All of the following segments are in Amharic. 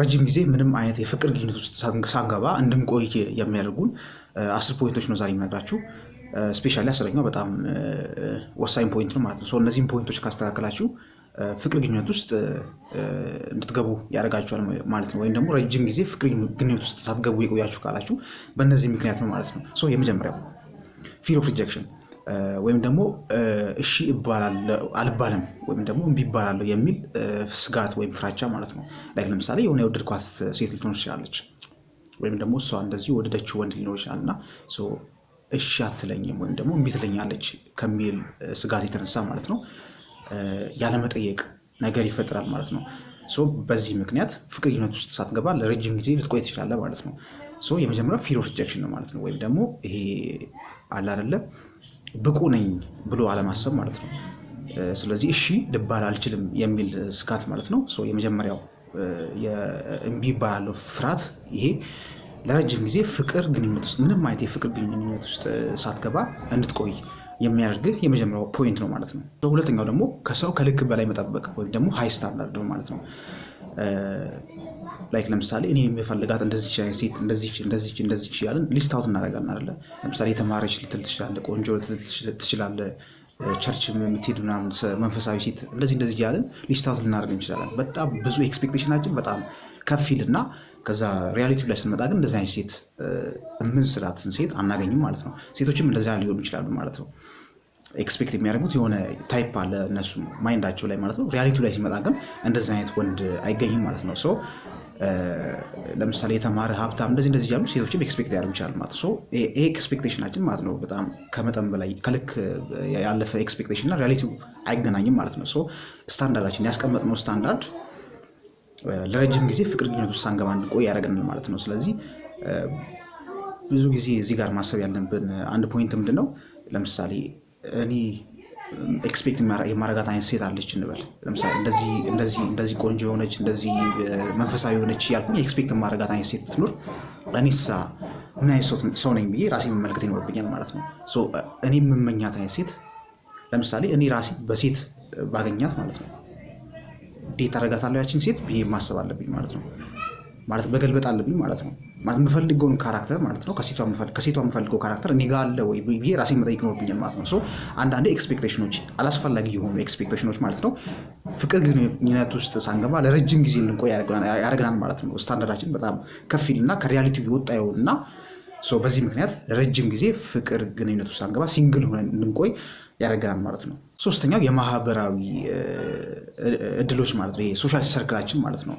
ረጅም ጊዜ ምንም አይነት የፍቅር ግኝት ውስጥ ሳንገባ እንድንቆይ የሚያደርጉን አስር ፖይንቶች ነው ዛሬ የሚነግራችሁ። ስፔሻሊ አስረኛው በጣም ወሳኝ ፖይንት ነው ማለት ነው። እነዚህም ፖይንቶች ካስተካከላችሁ ፍቅር ግንኙነት ውስጥ እንድትገቡ ያደርጋችኋል ማለት ነው። ወይም ደግሞ ረጅም ጊዜ ፍቅር ግንኙነት ውስጥ ሳትገቡ የቆያችሁ ካላችሁ በእነዚህ ምክንያት ነው ማለት ነው። የመጀመሪያው ፊር ኦፍ ሪጀክሽን ወይም ደግሞ እሺ አልባልም ወይም ደግሞ እምቢ ይባላለሁ የሚል ስጋት ወይም ፍራቻ ማለት ነው። ላይክ ለምሳሌ የሆነ የወደድኳት ሴት ልትኖር ትችላለች፣ ወይም ደግሞ እሷ እንደዚህ የወደደችው ወንድ ሊኖር ይችላል እና እሺ አትለኝም ወይም ደግሞ እምቢ ትለኛለች ከሚል ስጋት የተነሳ ማለት ነው ያለመጠየቅ ነገር ይፈጥራል ማለት ነው። በዚህ ምክንያት ፍቅር ግንኙነት ውስጥ ሳትገባ ለረጅም ጊዜ ልትቆይ ትችላለህ ማለት ነው። የመጀመሪያው ፊር ኦፍ ሪጀክሽን ነው ማለት ነው። ወይም ደግሞ ይሄ አለ ብቁ ነኝ ብሎ አለማሰብ ማለት ነው። ስለዚህ እሺ ልባል አልችልም የሚል ስጋት ማለት ነው። የመጀመሪያው እምቢ ባለው ፍርሃት ይሄ ለረጅም ጊዜ ፍቅር ግንኙነት ውስጥ ምንም አይነት የፍቅር ግንኙነት ውስጥ ሳትገባ እንድትቆይ የሚያደርግህ የመጀመሪያው ፖይንት ነው ማለት ነው። ሁለተኛው ደግሞ ከሰው ከልክ በላይ መጠበቅ ወይም ደግሞ ሀይ ስታንዳርድ ነው ማለት ነው። ላይክ ለምሳሌ እኔ የምፈልጋት እንደዚች ሴት እንደዚች እንደዚች እንደዚች እያለን ሊስት አውት እናደርጋለን አይደለ? ለምሳሌ የተማረች ልትል ትችላለ፣ ቆንጆ ትችላለ ቸርች የምትሄድ ምናምን መንፈሳዊ ሴት እንደዚህ እንደዚህ እያለን ሊስት አውት ልናደርግ እንችላለን። በጣም ብዙ ኤክስፔክቴሽናችን በጣም ከፊል እና ከዛ ሪያሊቲ ላይ ስንመጣ ግን እንደዚህ አይነት ሴት የምንስላትን ሴት አናገኝም ማለት ነው። ሴቶችም እንደዚያ ሊሆኑ ይችላሉ ማለት ነው። ኤክስፔክት የሚያደርጉት የሆነ ታይፕ አለ እነሱ ማይንዳቸው ላይ ማለት ነው። ሪያሊቲ ላይ ሲመጣ ግን እንደዚህ አይነት ወንድ አይገኝም ማለት ነው። ሶ ለምሳሌ የተማረ ሀብታም እንደዚህ እንደዚህ እያሉ ሴቶችን ኤክስፔክት ያደርጉ ይችላል ማለት ነው። ይሄ ኤክስፔክቴሽናችን ማለት ነው በጣም ከመጠን በላይ ከልክ ያለፈ ኤክስፔክቴሽን እና ሪያሊቲው አይገናኝም ማለት ነው። ስታንዳርዳችን ያስቀመጥነው ስታንዳርድ ለረጅም ጊዜ ፍቅር ግንኙነት ውስጥ ሳንገባ እንድንቆይ ያደርገናል ማለት ነው። ስለዚህ ብዙ ጊዜ እዚህ ጋር ማሰብ ያለብን አንድ ፖይንት ምንድን ነው፣ ለምሳሌ እኔ ኤክስፔክት የማረጋት አይነት ሴት አለች እንበል። ለምሳሌ እንደዚህ እንደዚህ ቆንጆ የሆነች እንደዚህ መንፈሳዊ የሆነች ያልኩኝ ኤክስፔክት የማረጋት አይነት ሴት ብትኖር እኔሳ ምን አይነት ሰው ነኝ ብዬ ራሴ መመልከት ይኖርብኛል ማለት ነው። እኔ የምመኛት አይነት ሴት ለምሳሌ እኔ ራሴ በሴት ባገኛት ማለት ነው እንዴት ታደርጋታለች ያችን ሴት ብዬ ማሰብ አለብኝ ማለት ነው። ማለት መገልበጥ አለብኝ ማለት ነው። ማለት የምፈልገውን ካራክተር ማለት ነው ከሴቷ የምፈልገው ካራክተር እኔ ጋር አለ ወይ ብዬ ራሴ መጠየቅ ይኖርብኛል ማለት ነው። አንዳንዴ ኤክስፔክቴሽኖች፣ አላስፈላጊ የሆኑ ኤክስፔክቴሽኖች ማለት ነው ፍቅር ግንኙነት ውስጥ ሳንገባ ለረጅም ጊዜ እንድንቆይ ያደርገናል ማለት ነው። ስታንዳርዳችን በጣም ከፊልና ከሪያሊቲ የወጣ ይሆንና በዚህ ምክንያት ረጅም ጊዜ ፍቅር ግንኙነት ውስጥ ሳንገባ ሲንግል ሆነን እንድንቆይ ያደርገናል ማለት ነው። ሶስተኛው የማህበራዊ እድሎች ማለት ነው። ሶሻል ሰርክላችን ማለት ነው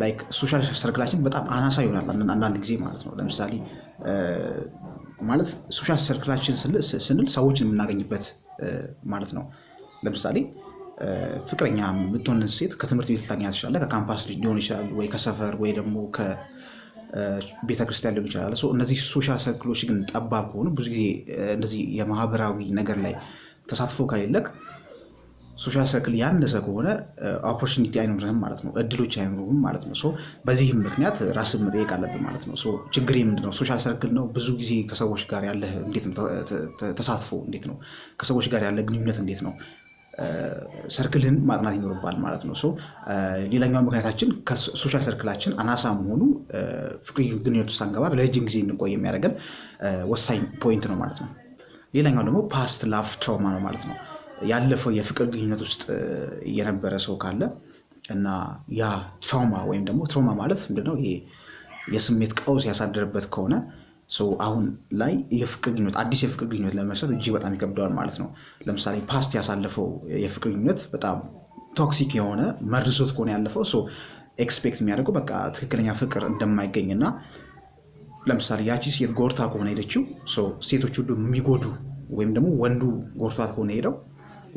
ላይክ ሶሻል ሰርክላችን በጣም አናሳ ይሆናል አንዳንድ ጊዜ ማለት ነው። ለምሳሌ ማለት ሶሻል ሰርክላችን ስንል ሰዎችን የምናገኝበት ማለት ነው። ለምሳሌ ፍቅረኛ የምትሆን ሴት ከትምህርት ቤት ልታገኛ ትችላለ፣ ከካምፓስ ሊሆን ይችላል፣ ወይ ከሰፈር ወይ ደግሞ ከቤተክርስቲያን ሊሆን ይችላል። እነዚህ ሶሻል ሰርክሎች ግን ጠባብ ከሆኑ ብዙ ጊዜ እንደዚህ የማህበራዊ ነገር ላይ ተሳትፎ ከሌለክ ሶሻል ሰርክል ያነሰ ከሆነ ኦፖርቹኒቲ አይኖርህም ማለት ነው። እድሎች አይኖሩም ማለት ነው። በዚህም ምክንያት ራስን መጠየቅ አለብን ማለት ነው። ችግር ምንድን ነው? ሶሻል ሰርክል ነው። ብዙ ጊዜ ከሰዎች ጋር ያለህ እንዴት ነው ተሳትፎ እንዴት ነው? ከሰዎች ጋር ያለ ግንኙነት እንዴት ነው? ሰርክልህን ማጥናት ይኖርባል ማለት ነው። ሌላኛው ምክንያታችን ከሶሻል ሰርክላችን አናሳ መሆኑ ፍቅሪ ግንኙነት ውስጥ አንገባ ለረጅም ጊዜ እንቆይ የሚያደርገን ወሳኝ ፖይንት ነው ማለት ነው። ሌላኛው ደግሞ ፓስት ላፍ ትራውማ ነው ማለት ነው። ያለፈው የፍቅር ግንኙነት ውስጥ የነበረ ሰው ካለ እና ያ ትራውማ ወይም ደግሞ ትራውማ ማለት ምንድነው? ይሄ የስሜት ቀውስ ያሳደረበት ከሆነ ሰው አሁን ላይ የፍቅር ግንኙነት አዲስ የፍቅር ግንኙነት ለመስራት እጅግ በጣም ይከብደዋል ማለት ነው። ለምሳሌ ፓስት ያሳለፈው የፍቅር ግንኙነት በጣም ቶክሲክ የሆነ መርዞት ከሆነ ያለፈው ሰው ኤክስፔክት የሚያደርገው በቃ ትክክለኛ ፍቅር እንደማይገኝ እና ለምሳሌ ያቺ ሴት ጎርታ ከሆነ ሄደችው ሴቶች ሁሉ የሚጎዱ ወይም ደግሞ ወንዱ ጎርቷት ከሆነ ሄደው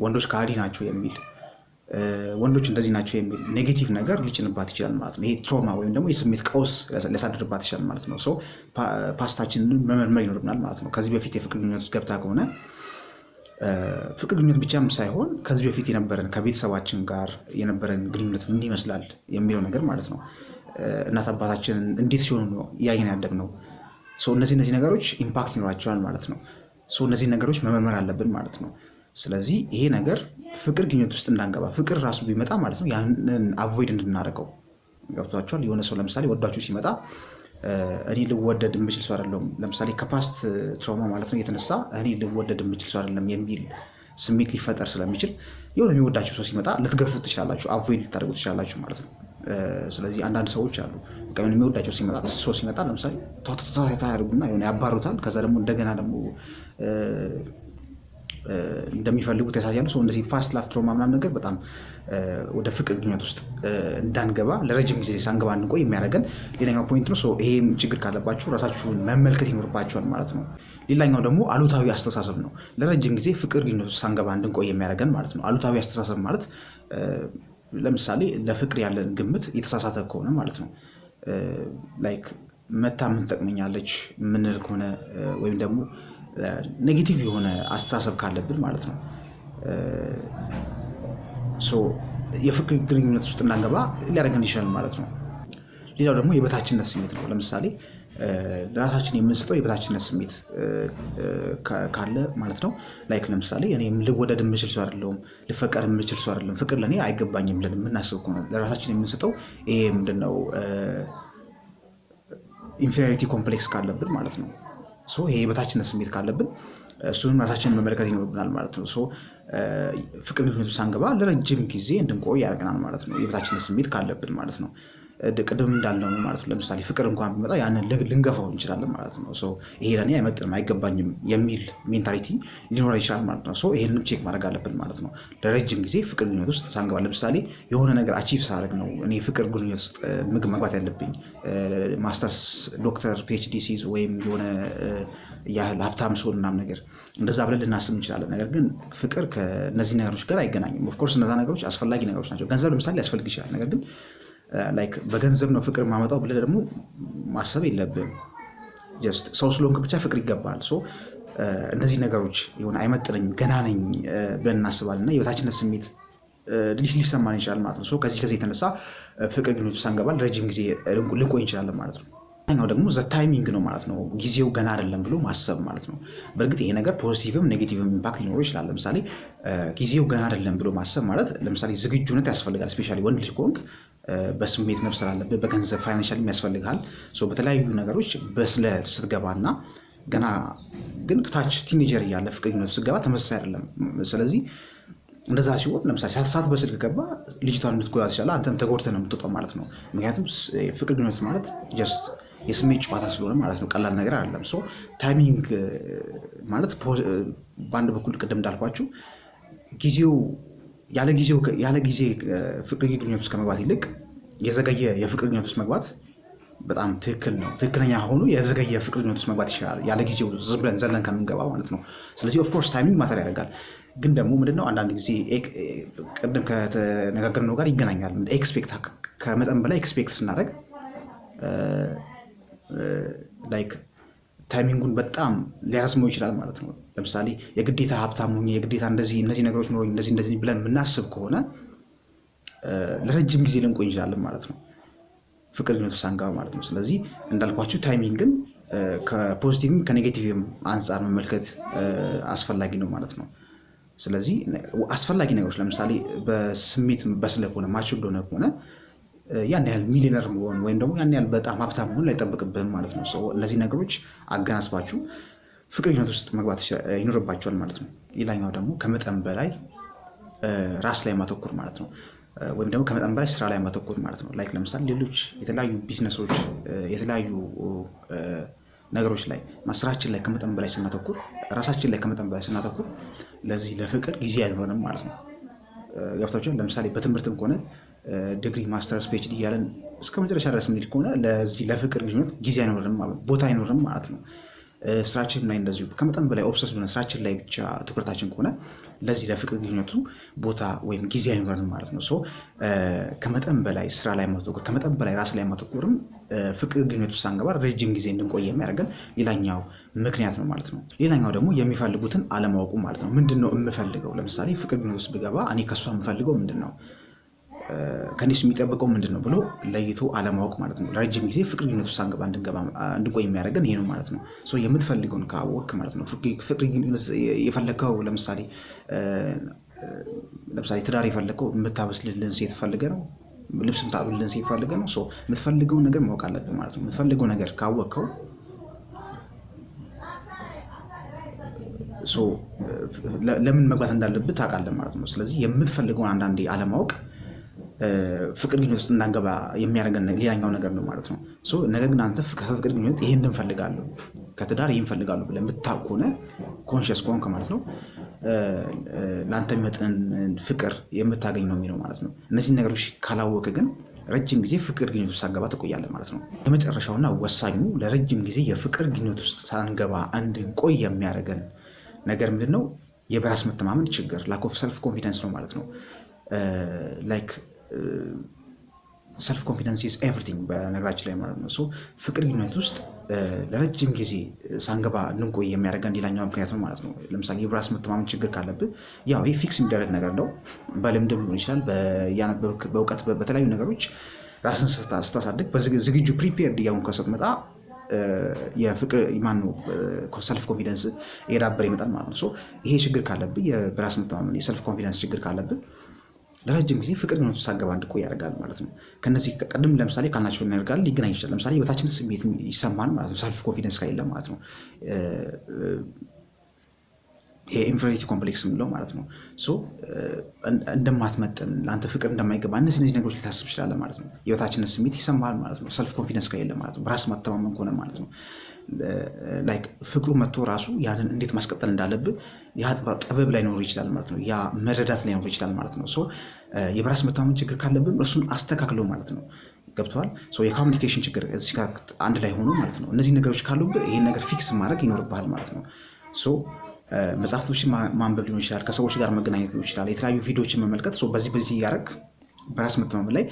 ወንዶች ከሃዲ ናቸው የሚል ወንዶች እንደዚህ ናቸው የሚል ኔጌቲቭ ነገር ሊጭንባት ይችላል ማለት ነው። ይሄ ትሮማ ወይም ደግሞ የስሜት ቀውስ ሊያሳድርባት ይችላል ማለት ነው። ፓስታችን ፓስታችንን መመርመር ይኖርብናል ማለት ነው። ከዚህ በፊት የፍቅር ግንኙነት ውስጥ ገብታ ከሆነ ፍቅር ግንኙነት ብቻም ሳይሆን ከዚህ በፊት የነበረን ከቤተሰባችን ጋር የነበረን ግንኙነት ምን ይመስላል የሚለው ነገር ማለት ነው። እናት አባታችንን እንዴት ሲሆኑ ነው እያየን ነው። እነዚህ እነዚህ ነገሮች ኢምፓክት ይኖራቸዋል ማለት ነው። እነዚህ ነገሮች መመርመር አለብን ማለት ነው። ስለዚህ ይሄ ነገር ፍቅር ግንኙነት ውስጥ እንዳንገባ ፍቅር ራሱ ቢመጣ ማለት ነው ያንን አቮይድ እንድናደርገው ገብቷቸዋል። የሆነ ሰው ለምሳሌ ወዳችሁ ሲመጣ እኔ ልወደድ የምችል ሰው አይደለሁም፣ ለምሳሌ ከፓስት ትራውማ ማለት ነው የተነሳ እኔ ልወደድ የምችል ሰው አይደለም የሚል ስሜት ሊፈጠር ስለሚችል የሆነ የሚወዳችሁ ሰው ሲመጣ ልትገፉት ትችላላችሁ፣ አቮይድ ልታደርጉ ትችላላችሁ ማለት ነው። ስለዚህ አንዳንድ ሰዎች አሉ በቃ የሚወዳቸው ሲመጣ ሰው ሲመጣ ለምሳሌ ታታ ያደርጉና የሆነ ያባሩታል። ከዛ ደግሞ እንደገና ደግሞ እንደሚፈልጉት ያሳያሉ። ሰው እንደዚህ ፋስት ላፍ ትሮ ማምናም ነገር በጣም ወደ ፍቅር ግንኙነት ውስጥ እንዳንገባ ለረጅም ጊዜ ሳንገባ እንድንቆይ የሚያደርገን ሌላኛው ፖይንት ነው። ይሄም ችግር ካለባችሁ ራሳችሁን መመልከት ይኖርባችኋል ማለት ነው። ሌላኛው ደግሞ አሉታዊ አስተሳሰብ ነው። ለረጅም ጊዜ ፍቅር ግንኙነት ውስጥ ሳንገባ እንድንቆይ የሚያደርገን ማለት ነው። አሉታዊ አስተሳሰብ ማለት ለምሳሌ ለፍቅር ያለን ግምት የተሳሳተ ከሆነ ማለት ነው ላይክ መታ ምን ትጠቅመኛለች ምንል ከሆነ ወይም ደግሞ ኔጌቲቭ የሆነ አስተሳሰብ ካለብን ማለት ነው የፍቅር ግንኙነት ውስጥ እናገባ ሊያደርገን ይችላል ማለት ነው። ሌላው ደግሞ የበታችነት ስሜት ነው። ለምሳሌ ለራሳችን የምንሰጠው የበታችነት ስሜት ካለ ማለት ነው። ላይክ ለምሳሌ እኔ ልወደድ የምችል ሰው አይደለሁም፣ ልፈቀር የምችል ሰው አይደለም፣ ፍቅር ለእኔ አይገባኝም ብለን የምናስብ ከሆነ ለራሳችን የምንሰጠው ይሄ ምንድን ነው ኢንፌሪዮሪቲ ኮምፕሌክስ ካለብን ማለት ነው የበታችነት ስሜት ካለብን እሱን ራሳችንን መመልከት ይኖርብናል ማለት ነው። ፍቅር ግንኙነት ውስጥ ሳንገባ ለረጅም ጊዜ እንድንቆይ ያደርገናል ማለት ነው፣ የበታችነት ስሜት ካለብን ማለት ነው። ቅድም እንዳልነው ማለት ነው። ለምሳሌ ፍቅር እንኳን ቢመጣ ያንን ልንገፋው እንችላለን ማለት ነው። ይሄ ለእኔ አይመጥንም፣ አይገባኝም የሚል ሜንታሊቲ ሊኖር ይችላል ማለት ነው። ይሄንንም ቼክ ማድረግ አለብን ማለት ነው። ለረጅም ጊዜ ፍቅር ግንኙነት ውስጥ ሳንገባ፣ ለምሳሌ የሆነ ነገር አቺቭ ሳደርግ ነው እኔ ፍቅር ግንኙነት ውስጥ ምግብ መግባት ያለብኝ ማስተርስ፣ ዶክተር፣ ፒኤችዲ ሲይዝ ወይም የሆነ ያህል ሀብታም ሲሆን ምናምን ነገር እንደዛ ብለን ልናስብ እንችላለን። ነገር ግን ፍቅር ከእነዚህ ነገሮች ጋር አይገናኝም። ኦፍኮርስ እነዛ ነገሮች አስፈላጊ ነገሮች ናቸው። ገንዘብ ለምሳሌ ያስፈልግ ይችላል። ነገር ግን ላይክ uh, በገንዘብ ነው ፍቅር የማመጣው ብለህ ደግሞ ማሰብ የለብህም። ጀስት ሰው ስለሆንክ ብቻ ፍቅር ይገባል። ሶ uh, እነዚህ ነገሮች የሆነ አይመጥነኝ ገና ነኝ uh, ብለን እናስባለን እና የበታችነት ስሜት ልጅ ሊሰማን ይችላል ማለት ነው። ከዚህ ከዚህ የተነሳ ፍቅር ግንኙነት ውስጥ ሳንገባል ረጅም ጊዜ ልንቆይ እንችላለን ማለት ነው። ነው ደግሞ ዘ ታይሚንግ ነው ማለት ነው። ጊዜው ገና አይደለም ብሎ ማሰብ ማለት ነው። በእርግጥ ይሄ ነገር ፖዚቲቭም ኔጌቲቭም ኢምፓክት ሊኖረው ይችላል። ለምሳሌ ጊዜው ገና አይደለም ብሎ ማሰብ ማለት ለምሳሌ ዝግጁነት ያስፈልጋል። ስፔሻሊ ወንድ ልጅ ከሆንክ በስሜት መብሰል አለብህ። በገንዘብ ፋይናንሻል ያስፈልግሃል። በተለያዩ ነገሮች በስለ ስትገባና ገና ግን ታች ቲኔጀር እያለ ፍቅረኝነቱ ስትገባ ተመሳሳይ አይደለም። ስለዚህ እንደዛ ሲሆን ለምሳሌ ሳት በስልክ ገባ ልጅቷን እንድትጎዳ ትችላለህ። አንተም ተጎድተህ ነው የምትወጣው ማለት ነው። ምክንያቱም ፍቅር ግንኙነት ማለት ጀስት የስሜት ጨዋታ ስለሆነ ማለት ነው። ቀላል ነገር አይደለም። ሶ ታይሚንግ uh, ማለት uh, በአንድ በኩል ቅድም እንዳልኳችሁ ጊዜው ያለ ጊዜው ያለ ጊዜ uh, ፍቅር ግንኙነት ውስጥ ከመግባት ይልቅ የዘገየ የፍቅር ግንኙነት ውስጥ መግባት በጣም ትክክል ነው። ትክክለኛ ሆኖ የዘገየ ፍቅር ግንኙነት ውስጥ መግባት ይችላል፣ ያለ ጊዜው ዝም ብለን ዘለን ከምንገባ ማለት ነው። ስለዚህ ኦፍኮርስ ታይሚንግ ማተር ያደርጋል። ግን ደግሞ ምንድነው አንዳንድ ጊዜ ቅድም ከተነጋገርነው ጋር ይገናኛል። ኤክስፔክት ከመጠን በላይ ኤክስፔክት ስናደርግ ላይክ ታይሚንጉን በጣም ሊያረዝመው ይችላል ማለት ነው። ለምሳሌ የግዴታ ሀብታም ሆኜ የግዴታ እንደዚህ እነዚህ ነገሮች ኖሮኝ እንደዚህ እንደዚህ ብለን የምናስብ ከሆነ ለረጅም ጊዜ ልንቆይ እንችላለን ማለት ነው። ፍቅር ግንኙነት ሳንገባ ማለት ነው። ስለዚህ እንዳልኳችሁ ታይሚንግን ከፖዚቲቭም ከኔጌቲቭም አንጻር መመልከት አስፈላጊ ነው ማለት ነው። ስለዚህ አስፈላጊ ነገሮች ለምሳሌ በስሜት በስለ ከሆነ ማች እንደሆነ ከሆነ ያን ያህል ሚሊነር መሆን ወይም ደግሞ ያን ያህል በጣም ሀብታም መሆን ላይጠብቅብህም ማለት ነው። ሰው እነዚህ ነገሮች አገናዝባችሁ ፍቅረኝነት ውስጥ መግባት ይኖርባቸዋል ማለት ነው። ሌላኛው ደግሞ ከመጠን በላይ ራስ ላይ ማተኮር ማለት ነው። ወይም ደግሞ ከመጠን በላይ ስራ ላይ ማተኮር ማለት ነው። ላይክ ለምሳሌ ሌሎች የተለያዩ ቢዝነሶች፣ የተለያዩ ነገሮች ላይ ስራችን ላይ ከመጠን በላይ ስናተኩር፣ ራሳችን ላይ ከመጠን በላይ ስናተኩር ለዚህ ለፍቅር ጊዜ አይሆንም ማለት ነው። ገብታችኋል። ለምሳሌ በትምህርትም ከሆነ ዲግሪ ማስተርስ ፒኤችዲ እያለን እስከ መጨረሻ ድረስ ምንሄድ ከሆነ ለዚህ ለፍቅር ግንኙነት ጊዜ አይኖርም ማለት ቦታ አይኖርም ማለት ነው። ስራችን ላይ እንደዚሁ ከመጠን በላይ ኦብሰስ ሆነ ስራችን ላይ ብቻ ትኩረታችን ከሆነ ለዚህ ለፍቅር ግንኙነቱ ቦታ ወይም ጊዜ አይኖረንም ማለት ነው። ከመጠን በላይ ስራ ላይ ማተኮር፣ ከመጠን በላይ ራስ ላይ ማተኮርም ፍቅር ግንኙነቱ ሳንገባ ረጅም ጊዜ እንድንቆይ የሚያደርገን ሌላኛው ምክንያት ነው ማለት ነው። ሌላኛው ደግሞ የሚፈልጉትን አለማወቁ ማለት ነው። ምንድን ነው የምፈልገው? ለምሳሌ ፍቅር ግንኙነት ውስጥ ብገባ እኔ ከእሷ የምፈልገው ምንድን ነው ከእነሱ የሚጠብቀው ምንድን ነው ብሎ ለይቶ አለማወቅ ማለት ነው። ረጅም ጊዜ ፍቅር ግንኙነት ውስጥ ሳንገባ እንድንቆይ የሚያደርገን ይሄ ነው ማለት ነው። የምትፈልገውን ካወቅ ማለት ነው። ፍቅር ግንኙነት የፈለግከው ለምሳሌ ለምሳሌ ትዳር የፈለግከው የምታበስልልን ሴት ፈልገ ነው ልብስ ምታብልን ሴት ፈልገ ነው። የምትፈልገውን ነገር ማወቅ አለብህ ማለት ነው። የምትፈልገው ነገር ካወቅከው ለምን መግባት እንዳለብህ ታውቃለህ ማለት ነው። ስለዚህ የምትፈልገውን አንዳንዴ አለማወቅ ፍቅር ግንኙነት ውስጥ እንዳንገባ የሚያደርገን ሌላኛው ነገር ነው ማለት ነው። ነገር ግን አንተ ከፍቅር ግንኙነት ይህን እንፈልጋለሁ ከትዳር ይህን እንፈልጋለሁ ብለህ የምታውቅ ከሆነ ኮንሽስ ከሆንክ ማለት ነው ለአንተ የሚመጥን ፍቅር የምታገኝ ነው የሚለው ማለት ነው። እነዚህ ነገሮች ካላወቅ ግን ረጅም ጊዜ ፍቅር ግንኙነት ውስጥ ሳንገባ ትቆያለህ ማለት ነው። የመጨረሻውና ወሳኙ ለረጅም ጊዜ የፍቅር ግንኙነት ውስጥ ሳንገባ እንድንቆይ የሚያደርገን ነገር ምንድን ነው? የበራስ መተማመን ችግር ላክ ኦፍ ሰልፍ ኮንፊደንስ ነው ማለት ነው ላይክ ሰልፍ ኮንፊደንስ ኢዝ ኤቭሪቲንግ በነገራችን ላይ ማለት ነው። ፍቅር ግንኙነት ውስጥ ለረጅም ጊዜ ሳንገባ እንድንቆይ የሚያደርገን ሌላኛው ምክንያት ነው ማለት ነው። ለምሳሌ በራስ መተማመን ችግር ካለብህ ያው ይህ ፊክስ የሚደረግ ነገር ነው። በልምድ ሊሆን ይችላል፣ በእውቀት፣ በተለያዩ ነገሮች ራስን ስታሳድግ በዝግጁ ፕሪፔርድ እያሁን ከሰጥመጣ የፍቅር ማነው ሰልፍ ኮንፊደንስ እየዳበረ ይመጣል ማለት ነው። ይሄ ችግር ካለብህ በራስ መተማመን የሰልፍ ኮንፊደንስ ችግር ካለብህ ለረጅም ጊዜ ፍቅር ነው ሳገባ እንድቆ ያደርጋል ማለት ነው። ከነዚህ ቀደም ለምሳሌ ካልናቸው ያደርጋል ሊገናኝ ይችላል። ለምሳሌ በታችን ስሜት ይሰማል ማለት ነው። ሰልፍ ኮንፊደንስ ከሌለ ማለት ነው። የኢንፌሪቲ ኮምፕሌክስ የምንለው ማለት ነው። ሶ እንደማትመጥን ለአንተ ፍቅር እንደማይገባ እነዚህ እነዚህ ነገሮች ሊታስብ ይችላል ማለት ነው። የበታችነት ስሜት ይሰማል ማለት ነው። ሰልፍ ኮንፊደንስ ከሌለ ማለት ነው። በራስ ማተማመን ከሆነ ማለት ነው። ላይክ ፍቅሩ መጥቶ ራሱ ያንን እንዴት ማስቀጠል እንዳለብህ ያ ጥበብ ላይኖር ይችላል ማለት ነው። ያ መረዳት ላይኖር ይችላል ማለት ነው። ሶ የበራስ መተማመን ችግር ካለብን እሱን አስተካክለው ማለት ነው። ገብተዋል። የኮሚኒኬሽን ችግር እዚህ ጋር አንድ ላይ ሆኖ ማለት ነው። እነዚህ ነገሮች ካሉብህ ይህን ነገር ፊክስ ማድረግ ይኖርብሃል ማለት ነው። ሶ መጽሐፍቶችን ማንበብ ሊሆን ይችላል፣ ከሰዎች ጋር መገናኘት ሊሆን ይችላል፣ የተለያዩ ቪዲዮዎችን መመልከት። በዚህ በዚህ እያደረግ በራስ መተማመን ላይ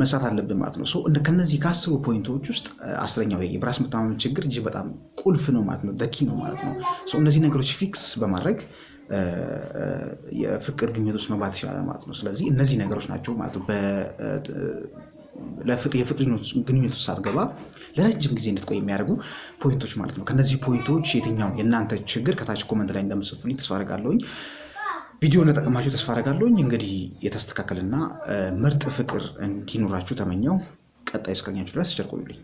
መስራት አለብን ማለት ነው። ከነዚህ ከአስሩ ፖይንቶች ውስጥ አስረኛው የራስ መተማመን ችግር እጅግ በጣም ቁልፍ ነው ማለት ነው፣ ደኪ ነው ማለት ነው። እነዚህ ነገሮች ፊክስ በማድረግ የፍቅር ግኝት ውስጥ መግባት ይችላል ማለት ነው። ስለዚህ እነዚህ ነገሮች ናቸው ማለት ነው የፍቅር ግንኙነት ውስጥ ሳትገባ ለረጅም ጊዜ እንድትቆይ የሚያደርጉ ፖይንቶች ማለት ነው። ከእነዚህ ፖይንቶች የትኛው የእናንተ ችግር ከታች ኮመንት ላይ እንደምጽፉልኝ ተስፋ አደርጋለሁኝ። ቪዲዮ እንደጠቀማችሁ ተስፋ አደርጋለሁኝ። እንግዲህ የተስተካከልና ምርጥ ፍቅር እንዲኖራችሁ ተመኘው። ቀጣይ እስከኛችሁ ድረስ ቸር ቆዩልኝ።